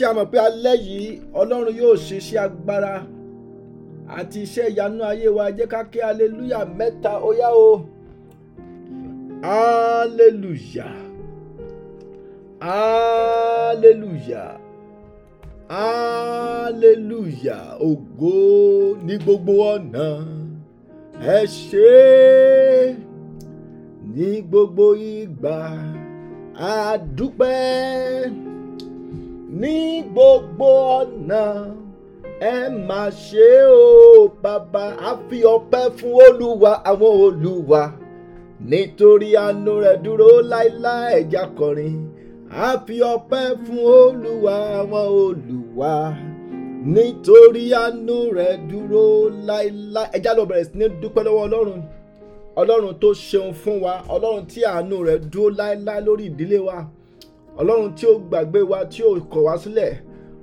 tí a mọ̀ pé alẹ́ yìí ọlọ́run yóò ṣe iṣẹ́ agbára àti iṣẹ́ ìyanu ayé wa jẹ́ ká ké hallelujah mẹ́ta ó yá o hallelujah hallelujah hallelujah ògo ní gbogbo ọ̀nà ẹ ṣé ní gbogbo ìgbà a ní gbogbo ọ̀nà ẹ máa ṣe o bàbá a fi ọpẹ́ fún olúwa àwọn olúwa nítorí àánú rẹ̀ dúró láéláé ẹ̀já kọrin a fi ọpẹ́ fún olúwa àwọn olúwa nítorí àánú rẹ̀ dúró láéláé ẹ̀já lọ bẹ̀rẹ̀ sí ní dúpẹ́ lọ́wọ́ ọlọ́run ọlọ́run tó ṣeun fún wa ọlọ́run tí àánú rẹ̀ dúró láéláé lórí ìdílé wa ọlọ́run tí ó gbàgbé wa tí ó kọ̀ wá sílẹ̀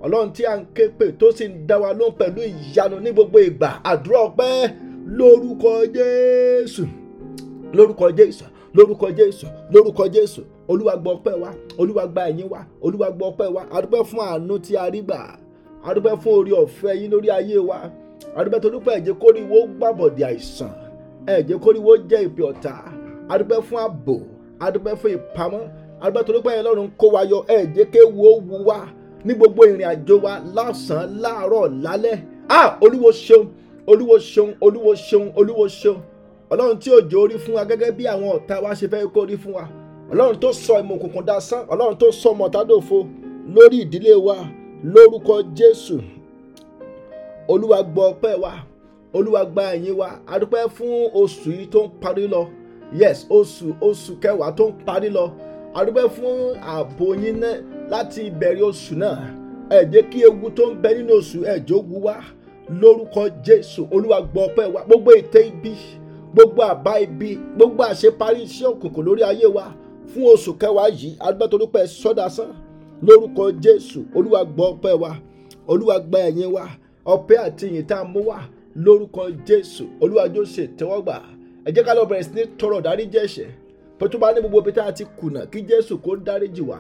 ọlọ́run tí a ń ké pè tó sì ń dá wa lóhùn pẹ̀lú ìyanu ní gbogbo ìgbà àdúrà ọpẹ́ lórúkọ jésù lórúkọ jésù lórúkọ jésù lórúkọ jésù olúwa gbọ́ ọpẹ́ wa olúwa gba ẹ̀yìn wa olúwa gbọ́ ọpẹ́ wa àdúpẹ́ fún àánú tí a rí gbà àdúpẹ́ fún orí ọ̀fẹ́ yín lórí ayé wa àdúpẹ́ tó dúpẹ́ ẹ̀jẹ̀ kóríwó gbàbọ̀dì àìsàn ẹ̀jẹ̀ kóríwó jẹ́ ìpè ọ̀tá àdúpẹ́ fún ààbò àdúpẹ́ fún ìpamọ́ àdúgbò tó lóògbé yẹn lọ́rùn kó wa yọ ẹ̀ jẹ́ kéwu ó wu wa ní gbogbo ìrìn àjò wa lọ́sàn láàárọ̀ lálẹ́ ah olúwo ṣeun olúwo ṣeun olúwo ṣeun olúwo ṣeun ọlọ́run tí òjò orí fún wa gẹ́gẹ́ bí àwọn ọ̀tá wa ṣe fẹ́ kó rí fún wa ọlọ́run tó sọ ìmọ̀ òkùnkùn dasán ọlọ́run tó sọ mọ̀tádòfo lórí ìdílé wa lórúkọ jésù olúwa gbọ́ ọpẹ́ wa olúwa gba ẹ̀yìn wa adúpẹ́ fún oṣù yìí tó ń parí lọ yes oṣù oṣù kẹwàá tó ń parí lọ àdúpẹ́ fún ààbò yín náà láti ìbẹ̀rẹ̀ oṣù náà ẹ jẹ́ kí ewu tó ń bẹ nínú oṣù ẹ jógu wá lórúkọ Jésù Olúwa gbọ́ ọpẹ́ wa gbogbo ète ibi gbogbo àbá ibi gbogbo àṣeparí iṣẹ́ òkùnkùn lórí ayé wa fún oṣù kẹwàá yìí àdúpẹ́ torí pé sọ́dà sàn lórúkọ Jésù Olúwa gbọ́ ọpẹ́ wa Olúwa gba ẹ̀yìn wa ọpẹ́ àti ìyìn tá a mú wá lórúkọ Jésù Olúwa jọ̀ọ́ ṣe tẹ́wọ́gbà ẹ jẹ́ ká lọ bẹ̀rẹ̀ sí ní tọrọ dáríjì pé tó bá ní gbogbo pété àti kùnà kí jésù kó dáríjì wá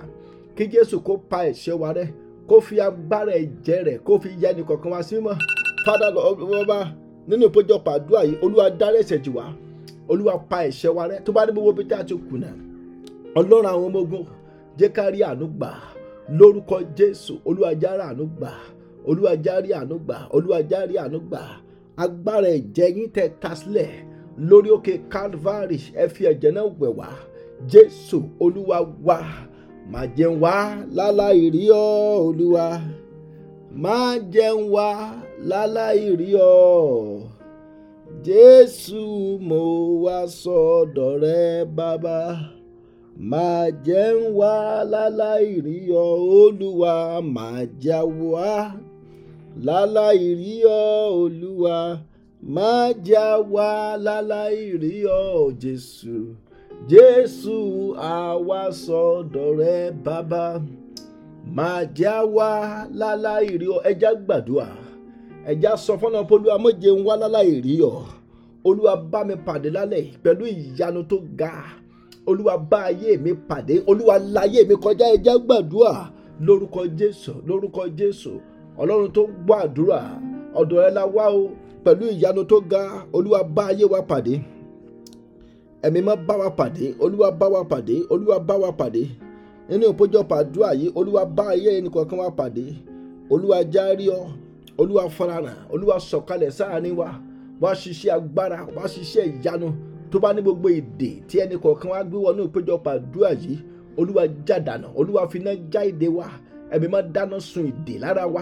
kí jésù kó pa ẹ̀ṣẹ̀ wa rẹ́ kó fi agbára ẹ̀jẹ̀ rẹ̀ kó fi yá ẹnì kọ̀ọ̀kan wá sí mọ́ fada ọba nínú ìpéjọpọ̀ àdúrà yìí olúwa dárí ẹ̀ṣẹ̀ jì wá olúwa pa ẹ̀ṣẹ̀ wa rẹ́ tó bá ní gbogbo pété àti kùnà ọlọ́run àwọn ọmọ ogun jẹ́ ká rí àánú gbà lórúkọ jésù olúwa já rí àánú gbà olúwa já rí àánú gbà olúwa já rí àánú gbà agbára ẹ̀jẹ̀ yín tẹ́ tasílẹ̀ lórí òkè Calvary ẹ fi ẹ̀jẹ̀ náà wẹ̀ wá Jésù Olúwa wa má jẹun wá láláì rí ọ Olúwa má jẹun wá láláì rí ọ Jésù mo wá sọ́dọ̀ rẹ bàbá má jẹun wá láláì rí ọ Olúwa má jáwọ́ wá láláì rí ọ Olúwa má já wa láláì rí ọ Jésù Jésù àwa sọ́dọ̀ rẹ bàbá má já wa láláì rí ọ ẹjá gbàdúrà ẹjá sọ fọnà polúwa mọ̀jẹ̀ ń wá láláì rí ọ olúwa bá mi pàdé lálẹ́ pẹ̀lú ìyanu tó ga olúwa bá ayé mi pàdé olúwa láyé mi kọjá ẹjá gbàdúrà lórúkọ Jésù lórúkọ Jésù ọlọ́run tó gbọ́ àdúrà ọ̀dọ̀ ẹ la wá o pẹ̀lú ìyanu tó ga olúwa bá ayé wa pàdé ẹ̀mí mọ́ bá wa pàdé olúwa bá wa pàdé olúwa bá wa pàdé nínú ìpéjọpọ̀ àdúrà yìí olúwa bá ayé ẹnì kọ̀ọ̀kan wa pàdé olúwa járí ọ olúwa farahàn olúwa sọ̀kalẹ̀ sáàrin wa wá ṣiṣẹ́ agbára wá ṣiṣẹ́ ìyanu tó bá ní gbogbo èdè tí ẹnì kọ̀ọ̀kan wa gbé wọnú ìpéjọpọ̀ àdúrà yìí olúwa jádànà olúwa finá já èdè wa ẹ̀mí mọ́ dáná sun èdè lára wa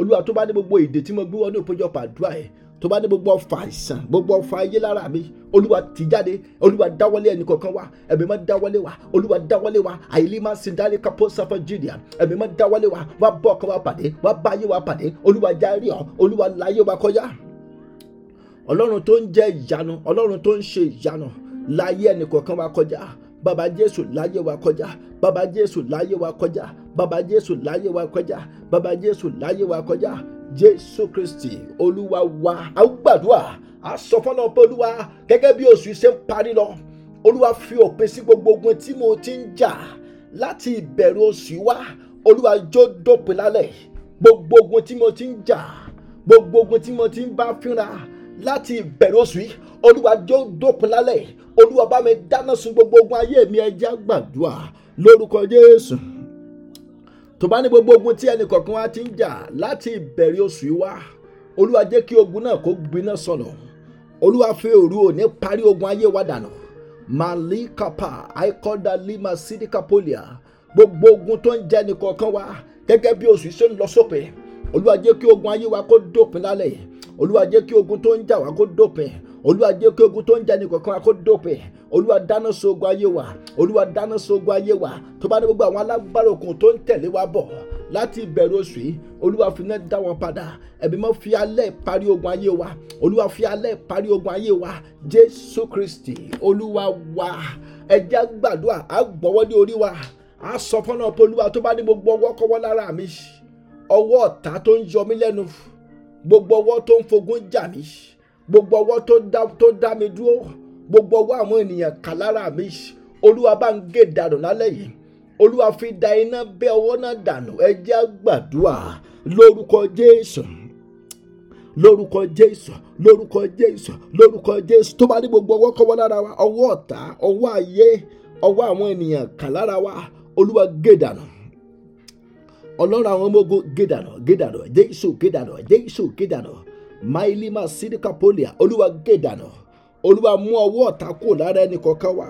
olúwa tó bá ní gbogbo èdè tí mo gbé wọnú ìpéjọpọ̀ àdúrà yẹn tó bá ní gbogbo ọfà àìsàn gbogbo ọfà ayé lára mi olúwa ti jáde olúwa dáwọ́lé ẹnì kọ̀ọ̀kan wa ẹ̀mí máa dáwọ́lé wa olúwa dáwọ́lé wa àìlí máa sin dáre kapo sáfẹ́ jìnnìà ẹ̀mí máa dáwọ́lé wa wá bọ́ ọkọ wa pàdé wá bá ayé wa pàdé olúwa járe ọ olúwa láyé wa kọjá ọlọ́run tó ń jẹ́ ìyanu ọlọ́run tó ń ṣe ìyanu láyé ẹnì kọ̀ọ̀kan wa kọjá bàbá jésù láyé wa kọjá bàbá jésù láyé wa kọjá Baba jésù láyé wa kọjá Baba jésù láyé wa kọjá jésù kristi olúwa wa a gbàdúrà a sọ fọlọ pé olúwa gẹ́gẹ́ bí oṣù ṣe ń parí lọ olúwa fi òpin sí gbogbo ogun tí mo ti ń jà láti ìbẹ̀rù oṣù wa olúwa jó dópin lálẹ́ gbogbo ogun tí mo ti ń jà gbogbo ogun tí mo ti ń bá fínra láti ìbẹ̀rù oṣù yìí olúwa jó dópin lálẹ́ olúwa bá mi dáná sun gbogbo ogun ayé mi ẹ gbàdúrà lórúkọ jésù tó bá ní gbogbo ogun tí ẹnì kọ̀ọ̀kan wa ti ń jà láti ìbẹ̀rẹ̀ oṣù yìí wá olúwa jẹ́ kí ogun náà kó gbiná sọnù olúwa fi òru òní parí ogun ayé wa dànù malikapa aikọ́dà lima sidikapolia gbogbo ogun tó ń jẹ́ ẹnì kọ̀ọ̀kan wa gẹ́gẹ́ bí oṣù ṣe ń lọ sópin olúwa jẹ́ kí ogun ayé wa kó dópin lálẹ́ olúwa jẹ́ kí ogun tó ń jà wa kó dópin olúwa jẹ́ kí ogun tó ń jẹ́ ẹnì kọ̀ọ̀kan wa kó dópin olúwa dáná sógun ayé wa olúwa dáná sógun ayé wa tó bá ní gbogbo àwọn alágbára òkun tó ń tẹ̀lé wa bọ̀ láti ìbẹ̀rù oṣù yìí olúwa fi iná dá wọn padà ẹ̀bí mọ́ fi alẹ́ parí ogun ayé wa olúwa fi alẹ́ parí ogun ayé wa jésù kristi olúwa wa ẹ̀jẹ̀ gbàdúrà á gbọ́wọ́ ní orí wa á sọ fọ́nà pé olúwa tó bá ní gbogbo ọwọ́ kọ́wọ́ lára mi ọwọ́ ọ̀tá tó ń yọ mí lẹ́nu gbogbo ọwọ́ tó ń fogun jà mí gbogbo ọwọ́ tó dá mi dúró gbogbo ọwọ́ àwọn ènìyàn kà lára mi olúwa bá ń gé dànù lálẹ́ yìí olúwa fi da iná bẹ́ ọwọ́ náà dànù ẹ gbàdúrà lórúkọ jésù lórúkọ jésù lórúkọ jésù lórúkọ jésù tó bá ní gbogbo ọwọ́ kọ́wọ́ lára wa ọwọ́ ọ̀tá ọwọ́ ayé ọwọ́ àwọn ènìyàn kà wa olúwa gé dànù ọlọ́run àwọn ọmọ ogun gé dànù gé dànù jésù gé dànù jésù gé dànù olúwa olúwa mú ọwọ́ ọ̀tá kúrò lára ẹnì kọ̀ọ̀kan wa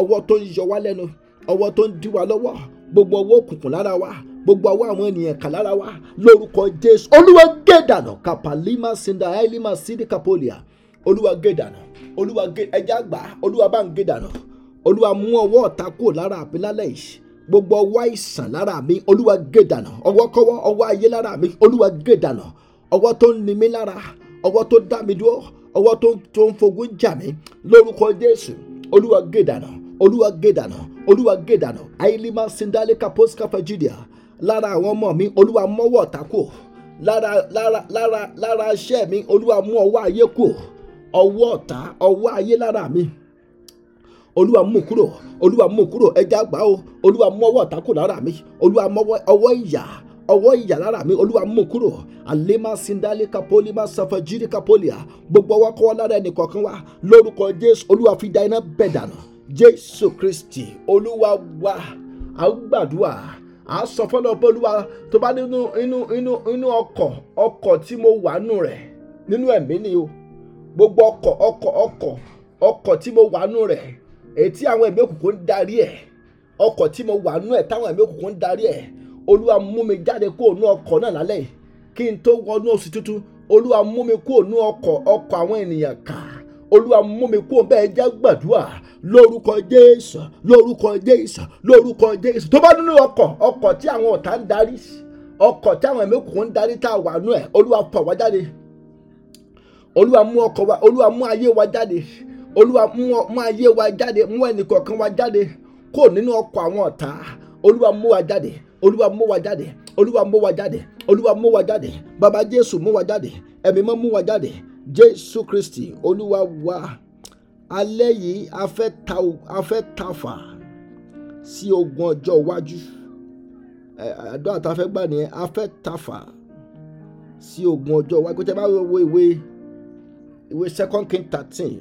ọwọ́ tó ń yọ wá lẹ́nu ọwọ́ tó ń dí wa lọ́wọ́ gbogbo ọwọ́ òkùnkùn lára wa gbogbo àwọn àwọn ènìyàn kan lára wa lórúkọ jésù olúwa gèdànà kàpàlímà sinda àìlímà sídì kàpọlìà olúwa gèdànà olúwa ẹjẹ àgbà olúwa bá ń gèdànà olúwa mú ọwọ́ ọ̀tá kúrò lára àbí lálẹ́ yìí gbogbo ọwọ́ àìsàn lára mi olúwa gèdànà ọwọ́ kọ́wọ́ ọwọ́ ayé lára mi olúwa gèdànà ọwọ́ tó ń ni mí lára ọwọ́ tó dá mi dúró ọwọ́ tó ń fogun jà mí lórúkọ jésù olúwa gèdànà olúwa gèdànà olúwa gèdànà àìlímà sindalika postcapa judea lára àwọn ọmọ mi olúwa mọ́wọ́ ta kù lára lára lára lára iṣẹ́ mi olúwa mú ọwọ́ ayé kù ọwọ́ ọ̀tá ọwọ́ ayé lára mi olúwa mú kúrò olúwa mú kúrò ẹja gbà ó olúwa mú ọwọ́ ọ̀tá kù lára mi olúwa mú ọwọ́ ìyà ọwọ́ ìyà lára mi olúwa mú kúrò alema sindali kapoli ma safajiri kapoli gbogbo ọwọ́ lára ẹnì kọ̀ọ̀kan wa lórúkọ jésù olúwa fi da iná bẹ̀ dànù jésù kristi olúwa wa a gbàdúrà a sọ fọlọ ọbọ oluwa tó bá nínú inú inú inú tí mo wà nù nínú ni o gbogbo tí mo wà olúwa mú mi jáde kúrò ní ọkọ̀ náà lálẹ́ kí n tó wọnú oṣù tuntun olúwa mú mi kúrò ní ọkọ̀ ọkọ̀ àwọn ènìyàn kà olúwa mú mi kúrò bẹ́ẹ̀ jẹ́ gbàdúrà lórúkọ jésù lórúkọ jésù lórúkọ jésù tó bá nínú ọkọ̀ ọkọ̀ a wà nú ẹ̀ olúwa wa olúwa mú ayé wa jáde olúwa mú ayé wa wa jáde kó nínú ọkọ̀ àwọn ọ̀tá olúwa mú olúwa mú wa jáde olúwa mú wa jáde olúwa mú wa jáde bàbá jésù mú wa jáde ẹ̀mí mọ́ mú wa jáde jésù kristi olúwa wa alẹ́ yìí a fẹ́ tafà sí ogun ọjọ́ iwájú àdó àtàfẹ́ gbà nìyẹn a fẹ́ tafà sí ogun ọjọ́ iwájú tẹ́ bá wo ìwé ìwé second king thirteen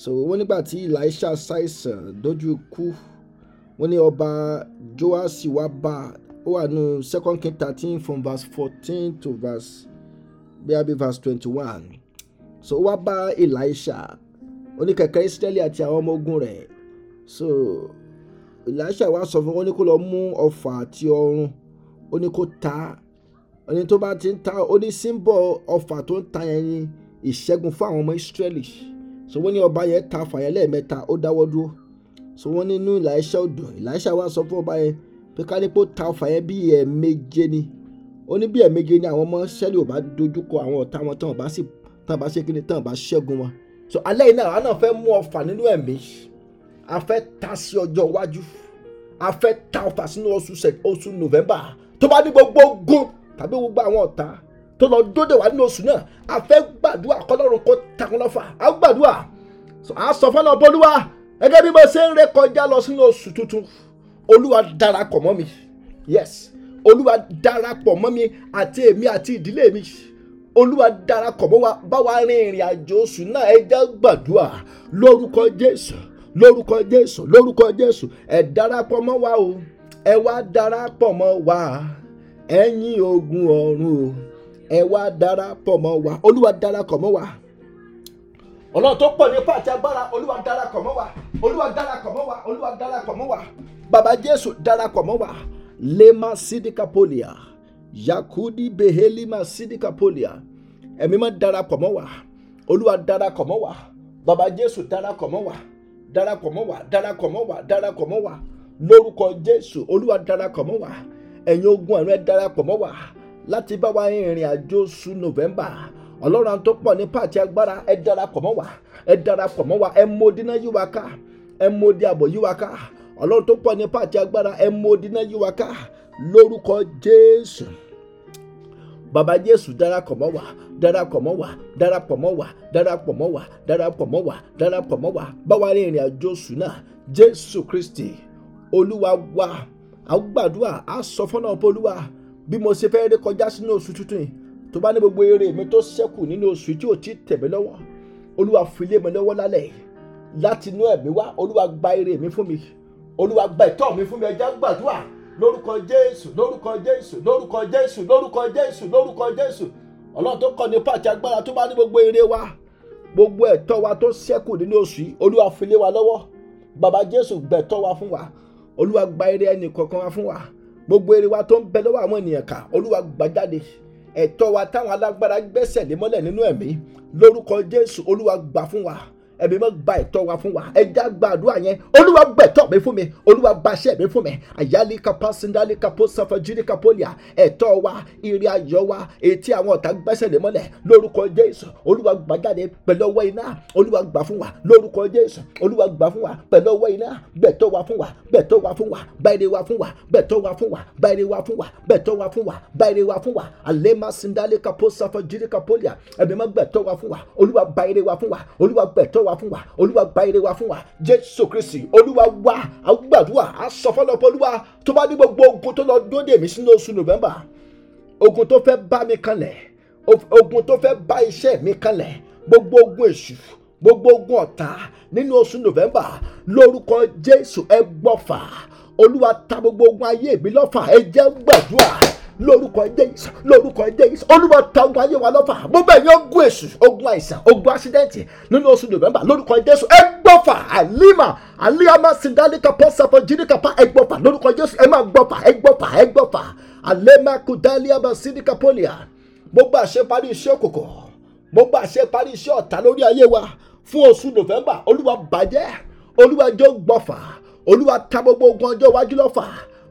so wọ́n nígbà tí elisha ṣàìsàn dojú kú wọ́n ní ọba joasi wa bá ó wà nù second king thirteen from verse fourteen to verse bíi verse twenty-one so ó wá bá elisha oníkẹ̀kẹ́ israeli àti àwọn ọmọ ogun rẹ̀ so elisha wa sọ fún wọn ní kó lọ mú ọfà àti ọrùn ó ní kó ta ó ní tó bá ti ń ta ó ní símbọ̀ ọfà tó ń ta yẹn ní ìṣẹ́gun fún àwọn ọmọ israeli so wọ́n ní ọba yẹn ta fàyẹ́ lẹ́ẹ̀mẹ́ta ó dáwọ́ dúró so wọ́n nínú Elisha odò Elisha wá sọ fún ọba yẹn pé kálípò ta ọfà yẹn bí ẹ̀ẹ̀méje ni ó ní bí ẹ̀ẹ̀méje ni àwọn ọmọ sẹ́lì ò bá dojú kọ àwọn ọ̀tá wọn tán ò bá sì tán bá ṣe kíni tán bá ṣẹ́gun wọn so alẹ́ yìí náà àwọn náà fẹ́ mú ọfà nínú ẹ̀mí a fẹ́ ta sí ọjọ́ iwájú a fẹ́ ta ọfà sínú oṣù November tó bá ní gbogbo ogun tàbí gbogbo àwọn ọ̀tá tó lọ dóde wá nínú oṣù náà a fẹ́ gbàdúrà kọ́lọ́run kó takun lọ́fà a gbàdúrà so a sọ fọ́nà bọ́lúwa gẹ́gẹ́ bí mo ṣe ń rékọjá lọ sínú oṣù tuntun olúwa darapọ̀ mọ́ mi yes olúwa darapọ̀ mọ́ mi àti èmi àti ìdílé mi olúwa darapọ̀ mọ́ wa bá wa rin ìrìn àjò oṣù náà ẹ jẹ́ gbàdúrà lórúkọ jésù lórúkọ jésù lórúkọ jésù ẹ darapọ̀ mọ́ wa o ẹ wá darapọ̀ mọ́ wa ẹ̀yin ogun ọ̀run o ẹ wá darapọ̀ mọ́ wa olúwa darapọ̀ mọ́ wa ọlọ́run tó pọ̀ nípa àti agbára olúwa darapọ̀ mọ́ wa olúwa darapọ̀ mọ́ wa olúwa darapọ̀ mọ́ wa bàbá jésù darapọ̀ mọ́ wa lema sidikapolia yakudi behelima sidikapolia ẹ̀mí máa darapọ̀ mọ́ wa olúwa darapọ̀ mọ́ wa bàbá jésù darapọ̀ mọ́ wa darapọ̀ mọ́ wa darapọ̀ mọ́ wa darapọ̀ mọ́ wa lórúkọ jésù olúwa darapọ̀ mọ́ wa ẹ̀yin ogun ẹ̀rọ ẹ̀ darapọ̀ mọ́ wa láti bá wa rìnrìn àjò sùn november ọlọ́run tó pọ̀ ní pàtí agbára ẹ darapọ̀ mọ́ wa ẹ darapọ̀ mọ́ wa ẹ mọdínà yí wa ká ẹ mọdí àbọ̀ yí wa ká ọlọ́run tó pọ̀ ní pàtí agbára ẹ mọdínà yí wa ká lórúkọ jésù bàbá jésù darapọ̀ mọ́ wa darapọ̀ mọ́ wa darapọ̀ mọ́ wa darapọ̀ mọ́ wa darapọ̀ mọ́ wa darapọ̀ mọ́ wa báwa ní ìrìn àjò oṣù náà jésù kristi olúwa wa àgbàdua àsọfọ́nà ọ̀pọ̀ olúwa bí mo ṣe fẹ́ rékọjá sínú oṣù tuntun yìí tó bá ní gbogbo èrè mi tó ṣẹ́kù nínú oṣù tí ò ti tẹ̀ mí lọ́wọ́ olúwa fi lé mi lọ́wọ́ lálẹ́ láti inú ẹ̀mí wá olúwa gba èrè mi fún mi olúwa gba ìtọ́ mi fún mi ẹja gbàdúrà lórúkọ jésù lórúkọ jésù lórúkọ jésù lórúkọ jésù lórúkọ jésù ọlọ́run tó kọ́ ní pàtí agbára tó bá ní gbogbo èrè wa gbogbo ẹ̀tọ́ wa tó ṣẹ́kù nínú oṣù yìí olúwa fi wa lọ́wọ́ bàbá jésù gbẹ̀tọ́ wa fún wa olúwa gba èrè ẹnì kọ̀ọ̀kan wa fún wa gbogbo èrè wa tó ń bẹ lọ́wọ́ àwọn ènìyàn ká olúwa gbà ẹ̀tọ́ wa táwọn alágbára gbẹ́sẹ̀ lé mọ́lẹ̀ nínú ẹ̀mí lórúkọ Jésù Olúwa gbà fún wa ẹ̀mí mọ́ gba ẹ̀tọ́ wa fún wa ẹja gba àdúrà yẹn olúwa gbẹ̀tọ́ mi fún mi olúwa baṣẹ́ mi fún mi àyálí kapa sindali kapo sanfọ jírí kapo lìà ẹ̀tọ́ wa ìrì ayọ̀ wa etí àwọn ọ̀tá gbẹ́sẹ̀ lé mọ́lẹ̀ lórúkọ jésù olúwa gbà jáde pẹ̀lú ọwọ́ iná olúwa gbà fún wa lórúkọ jésù olúwa gbà fún wa pẹ̀lú ọwọ́ iná gbẹ̀tọ́ wa fún wa gbẹ̀tọ́ wa fún wa báyìí wa fún wa gbẹ̀tọ́ wa fún wa báyìí wa fún wa gbẹ̀tọ́ wa fún wa báyìí wa fún wa alẹ́ máa sindali kapo sanfọ jírí kapo ẹ̀mí mọ́ gbẹ̀tọ́ wa fún wa olúwa báyìí wa fún wa olúwa gbẹ̀tọ́ wa wa fún wa olúwa gba ire wa fún wa jésù kristi olúwa wa a gbàdúrà a olúwa tó bá ní gbogbo ogun tó lọ dóde mi sínú oṣù november ogun tó fẹ́ bá mi kanlẹ̀ ogun tó fẹ́ bá iṣẹ́ mi kanlẹ̀ gbogbo ogun èṣù gbogbo ogun ọ̀tá nínú oṣù november lórúkọ jésù ẹ gbọ́fà olúwa ta gbogbo ogun ayé mi lọ́fà ẹ jẹ́ gbàdúrà lórúkọ jésù lórúkọ jésù olúwa ta ogun ayé wa lọ́fà mo bẹ̀ yín ogun èṣù ogun àìsàn ogun àṣídẹ́ǹtì nínú oṣù november lórúkọ jésù ẹ gbọ́fà àlímà àlíàmà sídálíkà pọ́sàpọ̀ jìnnìkàpá ẹ gbọ́fà lórúkọ jésù ẹ máa gbọ́fà ẹ gbọ́fà ẹ gbọ́fà àlẹ́mà kùdálíàmà sídìkà pọ́lìà mo gbà ṣe parí iṣẹ́ òkùnkùn mo gbà ṣe parí iṣẹ́ ọ̀tá lórí ayé wa fún oṣù november olúwa bàjẹ́ olúwa jó gbọ́fà olúwa ta gbogbo ogun ọjọ́ iwájú lọ́fà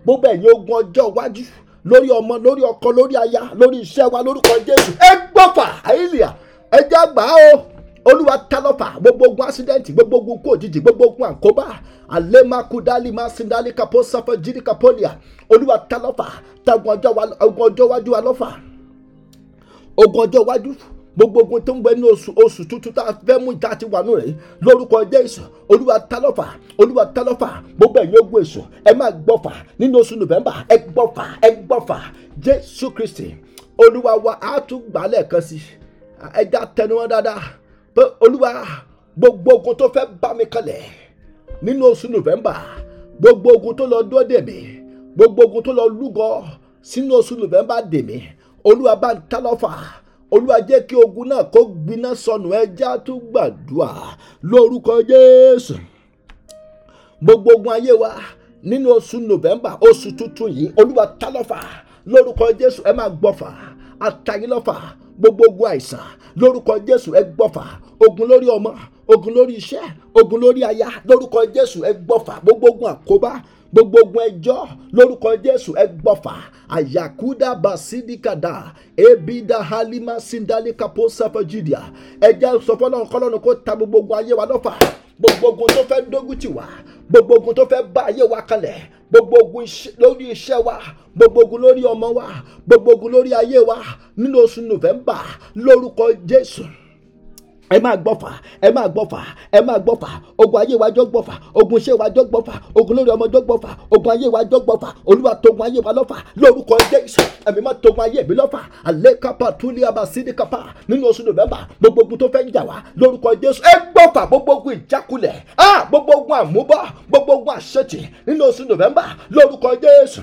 gbogbo ẹ̀yin ogun ọjọ́ iwájú lórí ọmọ lórí ọkọ lórí aya lórí iṣẹ́ wa lórúkọ jésù ẹ gbọ́fà àìlíà ẹ jẹ́ àgbà o olúwa tálọ́fà gbogbo ogun ásídẹ́ǹtì gbogbo ogun kú òjijì gbogbo ogun àkóbá àlẹ́màkúdálì màsíndálì kapó sáfẹ́ jírí kapólìà olúwa tálọ́fà tagun ọjọ́ iwájú wa lọ́fà ogun ọjọ́ iwájú gbogbo ogun tó ń bẹ ní oṣù oṣù tuntun tá a fẹ́ mú ìta ti wà nù rẹ̀ lórúkọ Jésù olúwa tálọ́fà olúwa tálọ́fà gbogbo ẹ̀yin ogun èṣù ẹ máa gbọ́fà nínú oṣù November ẹ gbọ́fà ẹ gbọ́fà Jésù Kristi olúwa wa á tún gbà lẹ́ẹ̀kan sí ẹ já tẹnumọ́ dáadáa pé olúwa gbogbo ogun tó fẹ́ bá mi kalẹ̀ nínú oṣù November gbogbo ogun tó lọ dúró dèmí gbogbo ogun tó lọ lúgọ sínú oṣù November dèmí olúwa bá ń tálọ́fà olúwa jẹ́ kí ogun náà kó gbiná sọnù ẹja tó gbàdúrà lórúkọ jésù gbogbo ogun ayé wa nínú oṣù november oṣù tuntun yìí olúwa tálọ́fà lórúkọ jésù ẹ máa gbọ́fà àtàyínlọ́fà gbogbo ogun àìsàn lórúkọ jésù ẹ gbọ́fà ogun lórí ọmọ ogun lórí iṣẹ́ ogun lórí aya lórúkọ jésù ẹ gbọ́fà gbogbo ogun àkóbá gbogbo ogun ẹjọ́ lórúkọ jésù ẹgbọ́fà àyàkúdà basidikada ebida halima sindali kapo ẹjẹ́ sọ fọlọ́run kọ́lọ́run kó ta gbogbo ogun ayé wa lọ́fà gbogbo ogun tó fẹ́ dógùn tì wá gbogbo ogun tó fẹ́ bá ayé wa kalẹ̀ gbogbo ogun lórí iṣẹ́ wa gbogbo lórí ọmọ wa gbogbo lórí ayé wa nínú oṣù nọ́vẹ́mbà lórúkọ jésù ẹ máa gbọ́fà ẹ máa gbọ́fà ẹ máa gbọ́fà ogun ayé wa jọ gbọ́fà ogun iṣẹ́ wa jọ gbọ́fà ogun lórí ọmọ jọ gbọ́fà ogun ayé wa jọ gbọ́fà olúwa togun ayé wa lọ́fà lórúkọ jésù ẹ̀mí má togun ayé mi lọ́fà alẹ́ kápá túlẹ̀ àbá sídìí kápá nínú oṣù nọ́vẹ́mbà gbogbo ogun tó fẹ́ ń jà wá lórúkọ jésù ẹ gbọ́fà gbogbo ogun ìjákulẹ̀ ah gbogbo ogun àmúbọ̀ gbogbo ogun àṣetì nínú oṣù nọ́vẹ́mbà lórúkọ jésù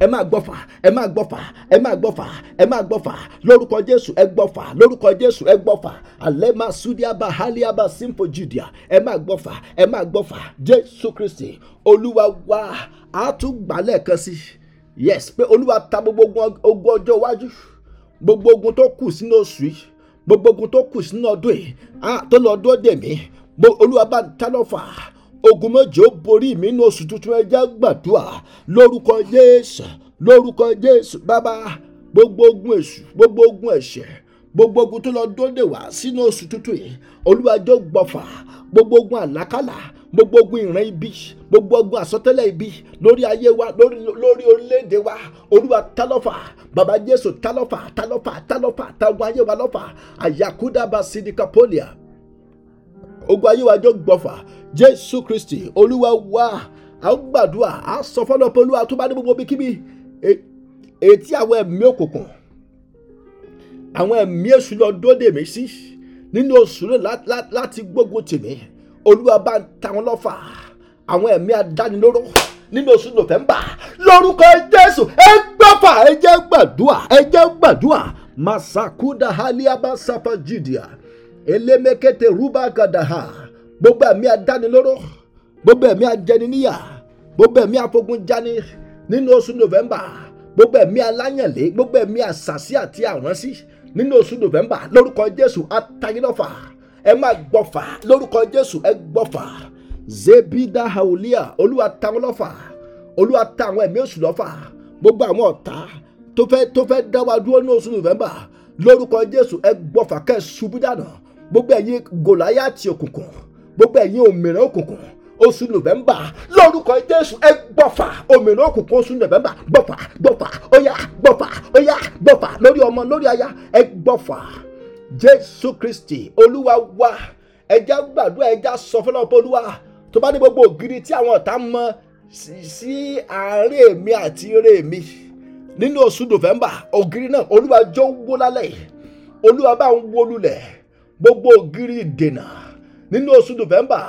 ẹ máa gbọ́fà ẹ máa gbọ́fà ẹ máa gbọ́fà ẹ máa gbọ́fà lórúkọ jésù ẹ gbọ́fà lórúkọ jésù ẹ gbọ́fà alẹ́ máa súdiaba haliaba simple judia ẹ máa gbọ́fà ẹ máa gbọ́fà jésù kristi olúwa wa àtúgbàlẹ̀ kan sí yes pé olúwa ta gbogbo ogun ọjọ́ iwájú gbogbo ogun tó kù sínú oṣù yìí gbogbo ogun tó kù sínú ọdún yìí tó lọ dúró dè mí olúwa bá ń ta lọ́fà ogun méje ó borí mi ní oṣù tuntun ẹja gbàdúrà lórúkọ Jésù lórúkọ Jésù bàbá gbogbo ogun èṣù gbogbo ogun ẹ̀ṣẹ̀ gbogbo ogun tó lọ dóde wá sínú oṣù tuntun yìí olúwàjọ gbọfà gbogbo ogun àlákàlà gbogbo ogun ìran ibi gbogbo ogun àsọtẹ́lẹ̀ ibi lórí ayé wa lórí lórí orílẹ̀-èdè wa olúwa tálọ́fà bàbá jésù tálọ́fà tálọ́fà tálọ́fà táwọn ayé wa lọ́fà àyàkúdàbà sídìkà pólíà ogun ayé wa jọ gbọ̀fà jésù kristi olúwa wa à ń gbàdúrà à sọ fọlọ pé olúwa tó bá dé gbogbo bíkíbi e, etí àwọn ẹ̀mí òkùnkùn àwọn ẹ̀mí èṣù lọ dóde mi sí nínú oṣù náà láti gbógun tèmi olúwa bá ń ta wọn lọ́fà àwọn ẹ̀mí adánilóró nínú oṣù nọ́fẹ̀mbà lórúkọ jésù ẹ gbọ́fà ẹ jẹ́ gbàdúà ẹ jẹ́ gbàdúà masakuda haliaba sapa jidia elémekete rúbà gàdàhà gbogbo ẹ̀mí adánilóró gbogbo ẹ̀mí ajẹniníyà gbogbo ẹ̀mí afogunjani nínú oṣù nọ́vẹ́mbà gbogbo ẹ̀mí aláyànlé gbogbo ẹ̀mí àṣàṣì àti àránsí nínú oṣù nọ́vẹ́mbà lórúkọ jésù atayínọ́fà ẹ máa gbọ́fà lórúkọ jésù ẹ gbọ́fà zebida haulia olúwa táwọn lọ́fà olúwa táwọn ẹ̀mí oṣù lọ́fà gbogbo àwọn ọ̀tá tó fẹ́ tó fẹ́ dá wa dúró ní oṣù nọ́vẹ́mbà lórúkọ jésù ẹ gbọ́fà kẹ́ ṣubú dànù gbogbo ẹ̀yin gòláyàtì òkùnkùn gbogbo ẹ̀yin òmìnira òkùnkùn oṣù november lórúkọ jésù ẹ gbọfà òmìnira òkùnkùn oṣù november gbọfà gbọfà Oya, gbọfà Oya, gbọfà lórí ọmọ lórí aya ẹ gbọfà jésù kristi olúwa wa ẹja gbàdúrà ẹja sọ fọlọpọ olúwa tó bá ní gbogbo ògiri tí àwọn ọ̀tá mọ sí àárẹ̀ èmi àti eré mi nínú oṣù november ògiri náà olúwa jọ wó lálẹ́ olúwa bá ń wó lulẹ̀ gbogbo ògiri ìdènà nínú oṣù November.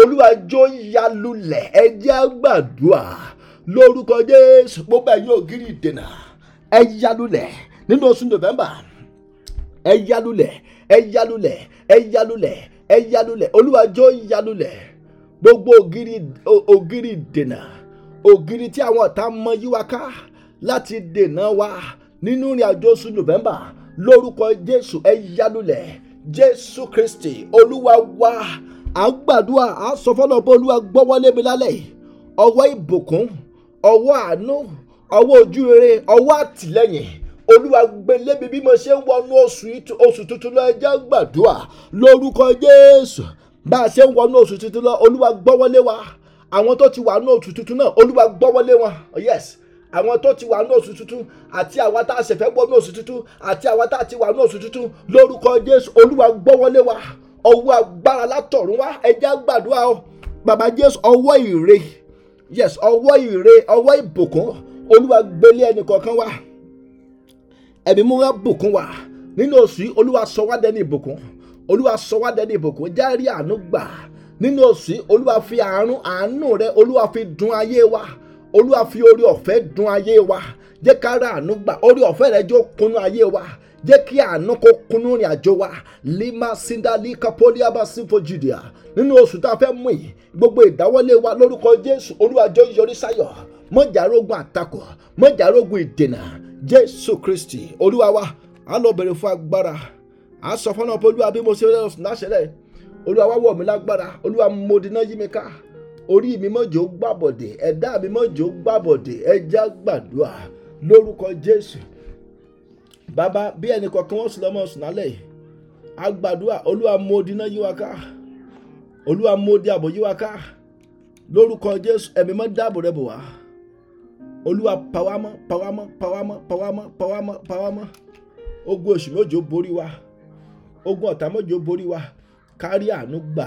olúwa jó ya lulẹ̀ ẹ jẹ́ a gbàdúrà lórúkọ jésù gbogbo ẹ̀yin ògiri ìdènà ẹ ya lulẹ̀ nínú oṣù nọ́fẹ̀mbà ẹ ya lulẹ̀ ẹ ya lulẹ̀ ẹ ya lulẹ̀ ẹ ya lulẹ̀ olúwa jó ya lulẹ̀ gbogbo ògiri ògiri ìdènà ògiri tí àwọn ọ̀tá mọ yíwa ká láti dènà wa nínú ìrìn àjò oṣù November. lórúkọ jésù ẹ ya lulẹ̀ jésù kristi olúwa wa à ń gbàdúrà à ń sọ fọlọ bó olúwa gbọ́wọ́lé mi lálẹ́ ọwọ́ ìbùkún ọwọ́ àánú ọwọ́ ojúrere ọwọ́ àtìlẹ́yìn olúwa gbẹlẹ́bi bí mo ṣe ń wọnú oṣù tuntun lọ ẹjẹ́ gbàdúrà lórúkọ jésù bá a ṣe ń wọnú oṣù tuntun lọ olúwa gbọ́wọ́lé wa àwọn tó ti wà ní oṣù tuntun náà olúwa gbọ́wọ́lé wọn yes àwọn tó ti wà ní oṣù tuntun àti àwa tá a ṣẹ̀fẹ́ gbọ́ ní oṣù tuntun àti àwa tá a ti wà ní oṣù tuntun lórúkọ Jésù Olúwa gbọ́wọ́lé wa ọwọ́ agbára látọ̀run wá ẹjẹ́ àgbàdua ọ bàbá Jésù ọwọ́ ìre yes ọwọ́ ìre ọwọ́ ìbùkún Olúwa gbélé ẹnì kọ̀ọ̀kan wá ẹ̀mí mú wá bùkún wá nínú oṣù yìí Olúwa sọ wá dẹni ìbùkún Olúwa sọ wá dẹni ìbùkún járí àánú gbà nínú oṣù yìí Olúwa fi àánú àánú rẹ Olúwa fi dùn ayé wa olúwa fi orí ọ̀fẹ́ dùn ayé wa jẹ́ ká ra àánú gbà orí ọ̀fẹ́ rẹ jó kúnú ayé wa jẹ́ kí àánú kó kúnú rìn àjò wa lima sindali kapoli abasinfo judea nínú oṣù tá a fẹ́ mú yìí gbogbo ìdáwọ́lé wa lórúkọ jésù olúwa jọ̀ọ́ yọrí sáyọ̀ mọ̀járógun àtakò mọ̀járógun ìdènà jésù kristi olúwa wa a lọ bẹ̀rẹ̀ fún agbára a sọ fọ́nà pé olúwa bí mo ṣe rẹ̀ láṣẹ rẹ̀ olúwa wa wọ̀ mí lágbára olúwa mo dínà yí mi ká orí mi mọ́jọ́ gbàbọ̀dè ẹ̀dá mi mọ́jọ́ gbàbọ̀dè ẹja gbàdúrà lórúkọ Jésù bàbá bí ẹnì kọ̀ọ̀kan wọ́n sùn lọ́mọ sùn lálẹ́ yìí agbàdúrà olúwa mú odi náà yíwa ká olúwa mú odi ààbò yíwa ká lórúkọ Jésù ẹ̀mí mọ́ dáàbò rẹ bò wá olúwa pàwámọ́ pàwámọ́ pàwámọ́ pàwámọ́ pàwámọ́ pàwámọ́ ogun oṣù mọ́jọ́ borí wa ogun ọ̀tá mọ́jọ́ borí wa kárí àánú gbà